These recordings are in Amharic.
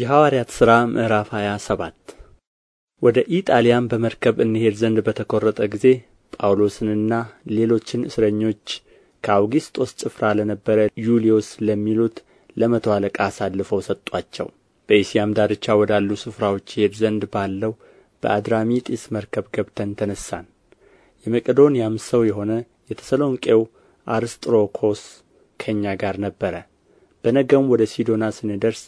የሐዋርያት ሥራ ምዕራፍ 2 ሰባት ወደ ኢጣሊያም በመርከብ እንሄድ ዘንድ በተቈረጠ ጊዜ ጳውሎስንና ሌሎችን እስረኞች ከአውግስጦስ ጭፍራ ለነበረ ዩልዮስ ለሚሉት ለመቶ አለቃ አሳልፈው ሰጧቸው። በእስያም ዳርቻ ወዳሉ ስፍራዎች ይሄድ ዘንድ ባለው በአድራሚጢስ መርከብ ገብተን ተነሳን። የመቄዶንያም ሰው የሆነ የተሰሎንቄው አርስጥሮኮስ ከእኛ ጋር ነበረ። በነገውም ወደ ሲዶና ስንደርስ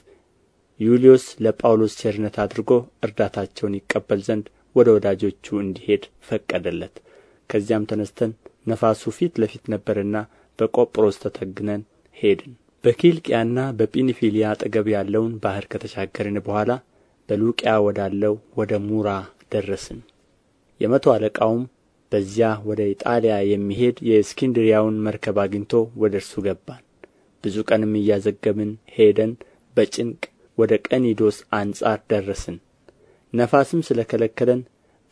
ዩልዮስ ለጳውሎስ ቸርነት አድርጎ እርዳታቸውን ይቀበል ዘንድ ወደ ወዳጆቹ እንዲሄድ ፈቀደለት ከዚያም ተነስተን ነፋሱ ፊት ለፊት ነበርና በቆጵሮስ ተተግነን ሄድን በኪልቅያና በጲንፊልያ አጠገብ ያለውን ባሕር ከተሻገርን በኋላ በሉቅያ ወዳለው ወደ ሙራ ደረስን የመቶ አለቃውም በዚያ ወደ ኢጣሊያ የሚሄድ የእስኪንድሪያውን መርከብ አግኝቶ ወደ እርሱ ገባን ብዙ ቀንም እያዘገምን ሄደን በጭንቅ ወደ ቀኒዶስ አንጻር ደረስን ነፋስም ስለ ከለከለን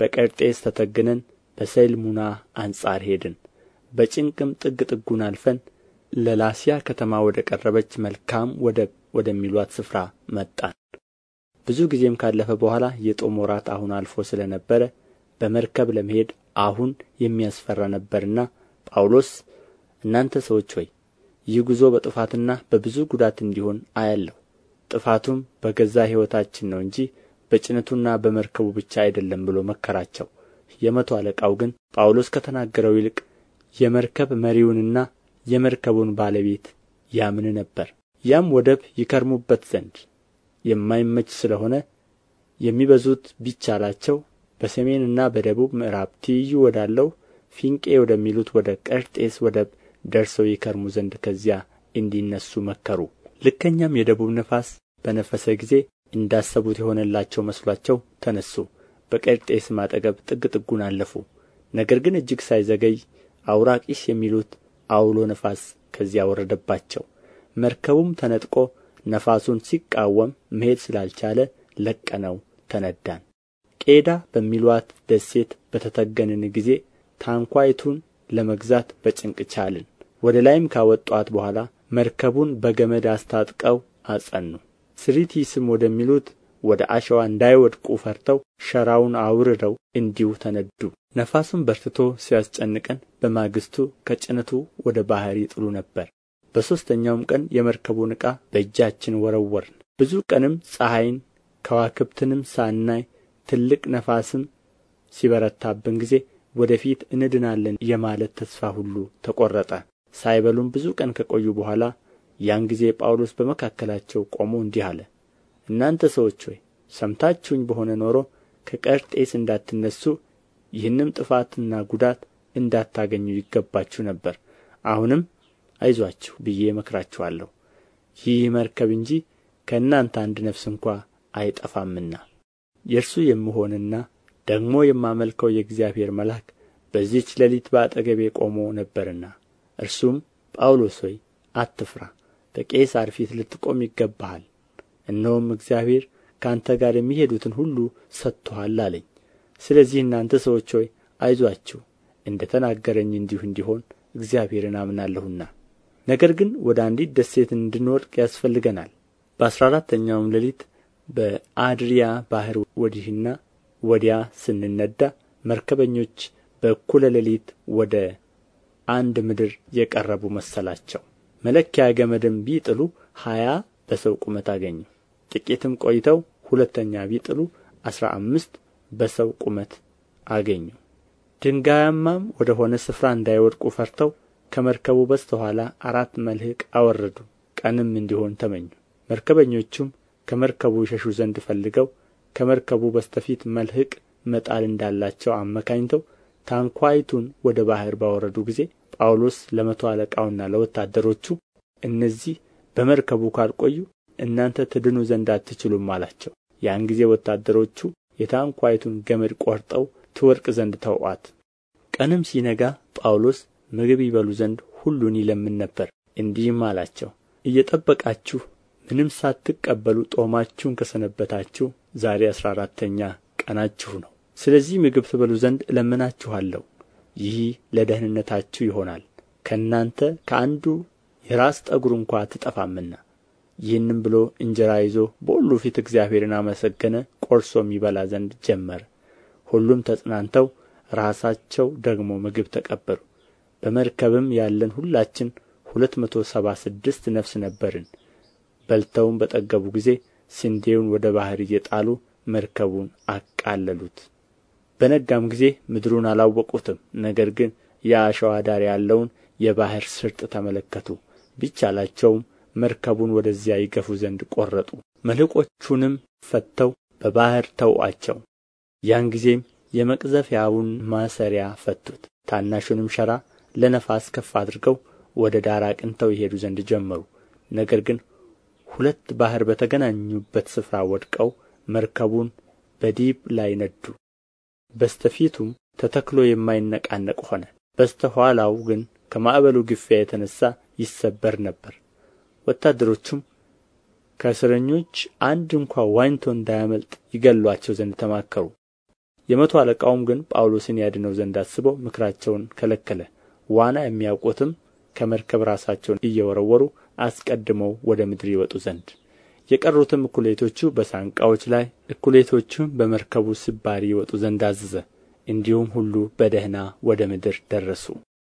በቀርጤስ ተተግነን በሰልሙና አንጻር ሄድን በጭንቅም ጥግ ጥጉን አልፈን ለላሲያ ከተማ ወደ ቀረበች መልካም ወደብ ወደሚሏት ስፍራ መጣን ብዙ ጊዜም ካለፈ በኋላ የጦም ወራት አሁን አልፎ ስለ ነበረ በመርከብ ለመሄድ አሁን የሚያስፈራ ነበርና ጳውሎስ እናንተ ሰዎች ሆይ ይህ ጉዞ በጥፋትና በብዙ ጉዳት እንዲሆን አያለሁ ጥፋቱም በገዛ ሕይወታችን ነው እንጂ በጭነቱና በመርከቡ ብቻ አይደለም ብሎ መከራቸው የመቶ አለቃው ግን ጳውሎስ ከተናገረው ይልቅ የመርከብ መሪውንና የመርከቡን ባለቤት ያምን ነበር ያም ወደብ ይከርሙበት ዘንድ የማይመች ስለ ሆነ የሚበዙት ቢቻላቸው በሰሜንና በደቡብ ምዕራብ ትይዩ ወዳለው ፊንቄ ወደሚሉት ወደ ቀርጤስ ወደብ ደርሰው ይከርሙ ዘንድ ከዚያ እንዲነሱ መከሩ ልከኛም የደቡብ ነፋስ በነፈሰ ጊዜ እንዳሰቡት የሆነላቸው መስሏቸው ተነሱ፣ በቀርጤስም አጠገብ ጥግ ጥጉን አለፉ። ነገር ግን እጅግ ሳይዘገይ አውራቂስ የሚሉት አውሎ ነፋስ ከዚያ ወረደባቸው። መርከቡም ተነጥቆ ነፋሱን ሲቃወም መሄድ ስላልቻለ ለቀነው ተነዳን። ቄዳ በሚሏት ደሴት በተተገንን ጊዜ ታንኳይቱን ለመግዛት በጭንቅ ቻልን። ወደ ላይም ካወጧት በኋላ መርከቡን በገመድ አስታጥቀው አጸኑ። ስሪቲስም ወደሚሉት ወደ አሸዋ እንዳይወድቁ ፈርተው ሸራውን አውርደው እንዲሁ ተነዱ ነፋስም በርትቶ ሲያስጨንቀን በማግስቱ ከጭነቱ ወደ ባሕር ይጥሉ ነበር በሦስተኛውም ቀን የመርከቡን ዕቃ በእጃችን ወረወርን ብዙ ቀንም ፀሐይን ከዋክብትንም ሳናይ ትልቅ ነፋስም ሲበረታብን ጊዜ ወደፊት እንድናለን የማለት ተስፋ ሁሉ ተቆረጠ ሳይበሉም ብዙ ቀን ከቆዩ በኋላ ያን ጊዜ ጳውሎስ በመካከላቸው ቆሞ እንዲህ አለ እናንተ ሰዎች ሆይ ሰምታችሁኝ በሆነ ኖሮ ከቀርጤስ እንዳትነሱ ይህንም ጥፋትና ጉዳት እንዳታገኙ ይገባችሁ ነበር አሁንም አይዟችሁ ብዬ እመክራችኋለሁ ይህ መርከብ እንጂ ከእናንተ አንድ ነፍስ እንኳ አይጠፋምና የእርሱ የምሆንና ደግሞ የማመልከው የእግዚአብሔር መልአክ በዚች ሌሊት በአጠገቤ ቆሞ ነበርና እርሱም ጳውሎስ ሆይ አትፍራ በቄሣር ፊት ልትቆም ይገባሃል እነሆም እግዚአብሔር ከአንተ ጋር የሚሄዱትን ሁሉ ሰጥቶሃል አለኝ ስለዚህ እናንተ ሰዎች ሆይ አይዟችሁ፣ እንደ ተናገረኝ እንዲሁ እንዲሆን እግዚአብሔርን አምናለሁና ነገር ግን ወደ አንዲት ደሴት እንድንወድቅ ያስፈልገናል በአሥራ አራተኛውም ሌሊት በአድሪያ ባሕር ወዲህና ወዲያ ስንነዳ መርከበኞች በእኩለ ሌሊት ወደ አንድ ምድር የቀረቡ መሰላቸው መለኪያ ገመድም ቢጥሉ ሀያ በሰው ቁመት አገኙ ጥቂትም ቆይተው ሁለተኛ ቢጥሉ አስራ አምስት በሰው ቁመት አገኙ ድንጋያማም ወደ ሆነ ስፍራ እንዳይወድቁ ፈርተው ከመርከቡ በስተኋላ አራት መልህቅ አወረዱ ቀንም እንዲሆን ተመኙ መርከበኞቹም ከመርከቡ ይሸሹ ዘንድ ፈልገው ከመርከቡ በስተፊት መልህቅ መጣል እንዳላቸው አመካኝተው ታንኳይቱን ወደ ባሕር ባወረዱ ጊዜ ጳውሎስ ለመቶ አለቃውና ለወታደሮቹ እነዚህ በመርከቡ ካልቆዩ እናንተ ትድኑ ዘንድ አትችሉም አላቸው ያን ጊዜ ወታደሮቹ የታንኳይቱን ገመድ ቆርጠው ትወድቅ ዘንድ ተውዋት። ቀንም ሲነጋ ጳውሎስ ምግብ ይበሉ ዘንድ ሁሉን ይለምን ነበር እንዲህም አላቸው እየጠበቃችሁ ምንም ሳትቀበሉ ጦማችሁን ከሰነበታችሁ ዛሬ አሥራ አራተኛ ቀናችሁ ነው ስለዚህ ምግብ ትበሉ ዘንድ እለምናችኋለሁ ይህ ለደህንነታችሁ ይሆናል ከእናንተ ከአንዱ የራስ ጠጉር እንኳ ትጠፋምና ይህንም ብሎ እንጀራ ይዞ በሁሉ ፊት እግዚአብሔርን አመሰገነ ቆርሶም ይበላ ዘንድ ጀመር ሁሉም ተጽናንተው ራሳቸው ደግሞ ምግብ ተቀበሉ በመርከብም ያለን ሁላችን ሁለት መቶ ሰባ ስድስት ነፍስ ነበርን በልተውም በጠገቡ ጊዜ ስንዴውን ወደ ባሕር እየጣሉ መርከቡን አቃለሉት በነጋም ጊዜ ምድሩን አላወቁትም ነገር ግን የአሸዋ ዳር ያለውን የባሕር ስርጥ ተመለከቱ ቢቻላቸውም መርከቡን ወደዚያ ይገፉ ዘንድ ቈረጡ መልሕቆቹንም ፈትተው በባሕር ተውአቸው። ያን ጊዜም የመቅዘፊያውን ማሰሪያ ፈቱት ታናሹንም ሸራ ለነፋስ ከፍ አድርገው ወደ ዳር አቅንተው ይሄዱ ዘንድ ጀመሩ ነገር ግን ሁለት ባሕር በተገናኙበት ስፍራ ወድቀው መርከቡን በዲብ ላይ ነዱ በስተ ፊቱም ተተክሎ የማይነቃነቅ ሆነ በስተ ኋላው ግን ከማዕበሉ ግፊያ የተነሣ ይሰበር ነበር ወታደሮቹም ከእስረኞች አንድ እንኳ ዋኝቶ እንዳያመልጥ ይገሏቸው ዘንድ ተማከሩ የመቶ አለቃውም ግን ጳውሎስን ያድነው ዘንድ አስቦ ምክራቸውን ከለከለ ዋና የሚያውቁትም ከመርከብ ራሳቸውን እየወረወሩ አስቀድመው ወደ ምድር ይወጡ ዘንድ የቀሩትም እኵሌቶቹ በሳንቃዎች ላይ እኵሌቶቹም በመርከቡ ስባሪ ይወጡ ዘንድ አዘዘ እንዲሁም ሁሉ በደኅና ወደ ምድር ደረሱ